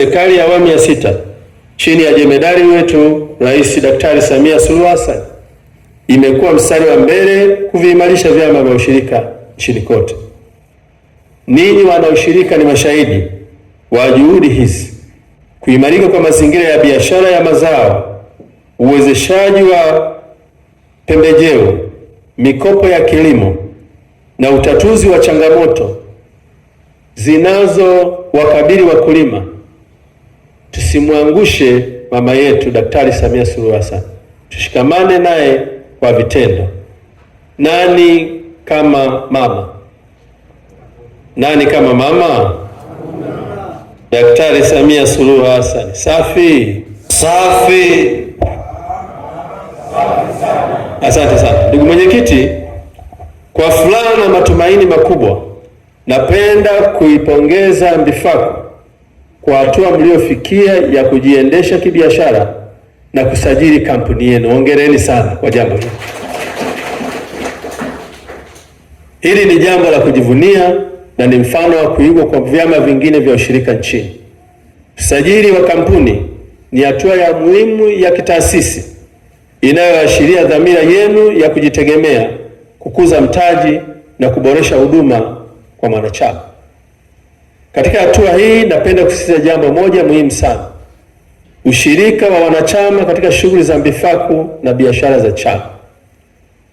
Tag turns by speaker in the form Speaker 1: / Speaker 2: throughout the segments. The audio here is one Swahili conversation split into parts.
Speaker 1: Serikali ya awamu ya sita chini ya jemedari wetu Rais Daktari Samia Suluhu Hassan imekuwa mstari wa mbele kuviimarisha vyama vya ushirika nchini kote. Ninyi ushirika ni mashahidi wa juhudi hizi. Kuimarika kwa mazingira ya biashara ya mazao, uwezeshaji wa pembejeo, mikopo ya kilimo na utatuzi wa changamoto zinazowakabili wakulima Tusimwangushe mama yetu Daktari Samia Suluhu Hassan, tushikamane naye kwa vitendo. Nani kama mama? Nani kama mama? Daktari Samia Suluhu Hassan. Safi safi. Asante sana ndugu mwenyekiti. Kwa furaha na matumaini makubwa, napenda kuipongeza Mbifaku kwa hatua mliofikia ya kujiendesha kibiashara na kusajili kampuni yenu. Hongereni sana kwa jambo hili. Hili ni jambo la kujivunia na ni mfano wa kuigwa kwa vyama vingine vya ushirika nchini. Usajili wa kampuni ni hatua ya muhimu ya kitaasisi inayoashiria dhamira yenu ya kujitegemea, kukuza mtaji na kuboresha huduma kwa wanachama. Katika hatua hii napenda kusisitiza jambo moja muhimu sana: ushirika wa wanachama katika shughuli za Mbifaku na biashara za chama.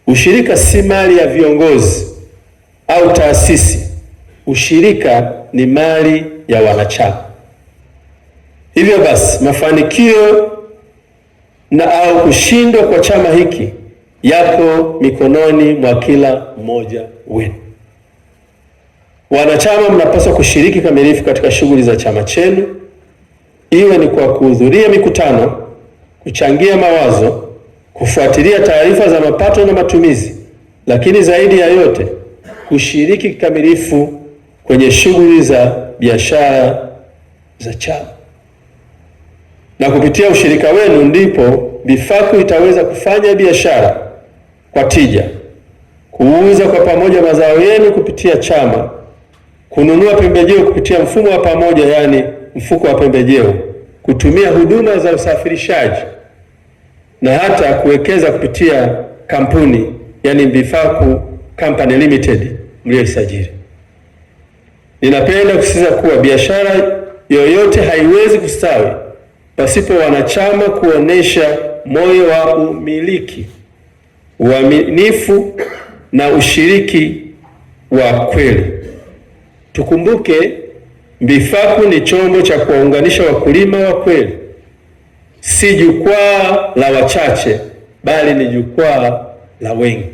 Speaker 1: Ushirika si mali ya viongozi au taasisi. Ushirika ni mali ya wanachama. Hivyo basi, mafanikio na au kushindwa kwa chama hiki yako mikononi mwa kila mmoja wenu Wanachama mnapaswa kushiriki kamilifu katika shughuli za chama chenu, iwe ni kwa kuhudhuria mikutano, kuchangia mawazo, kufuatilia taarifa za mapato na matumizi, lakini zaidi ya yote kushiriki kikamilifu kwenye shughuli za biashara za chama. Na kupitia ushirika wenu ndipo Bifaku itaweza kufanya biashara kwa tija, kuuza kwa pamoja mazao yenu kupitia chama kununua pembejeo kupitia mfumo wa pamoja, yaani mfuko wa pembejeo, kutumia huduma za usafirishaji na hata kuwekeza kupitia kampuni, yani Mbifaku Company Limited mliyoisajili. Ninapenda kusisitiza kuwa biashara yoyote haiwezi kustawi pasipo wanachama kuonesha moyo wa umiliki, uaminifu na ushiriki wa kweli. Tukumbuke Mbifaku ni chombo cha kuwaunganisha wakulima wa kweli, si jukwaa la wachache, bali ni jukwaa la wengi.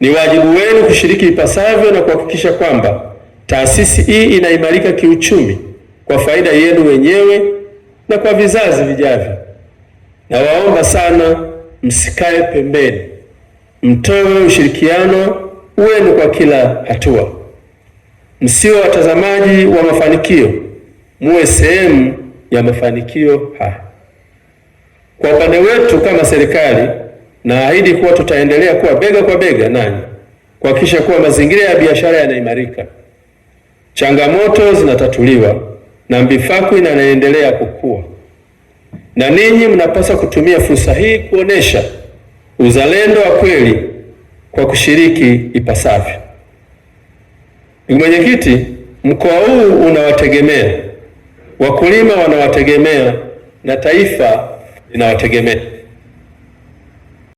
Speaker 1: Ni wajibu wenu kushiriki ipasavyo na kuhakikisha kwamba taasisi hii inaimarika kiuchumi kwa faida yenu wenyewe na kwa vizazi vijavyo. Nawaomba sana msikae pembeni, mtoe ushirikiano wenu kwa kila hatua msio watazamaji wa mafanikio, muwe sehemu ya mafanikio haya. Kwa upande wetu kama serikali, naahidi kuwa tutaendelea kuwa bega kwa bega nanyi kuhakikisha kuwa mazingira ya biashara yanaimarika, changamoto zinatatuliwa na Mbifakwi inaendelea kukua, na ninyi mnapaswa kutumia fursa hii kuonesha uzalendo wa kweli kwa kushiriki ipasavyo. Mwenyekiti, mkoa huu unawategemea wakulima, wanawategemea na taifa linawategemea.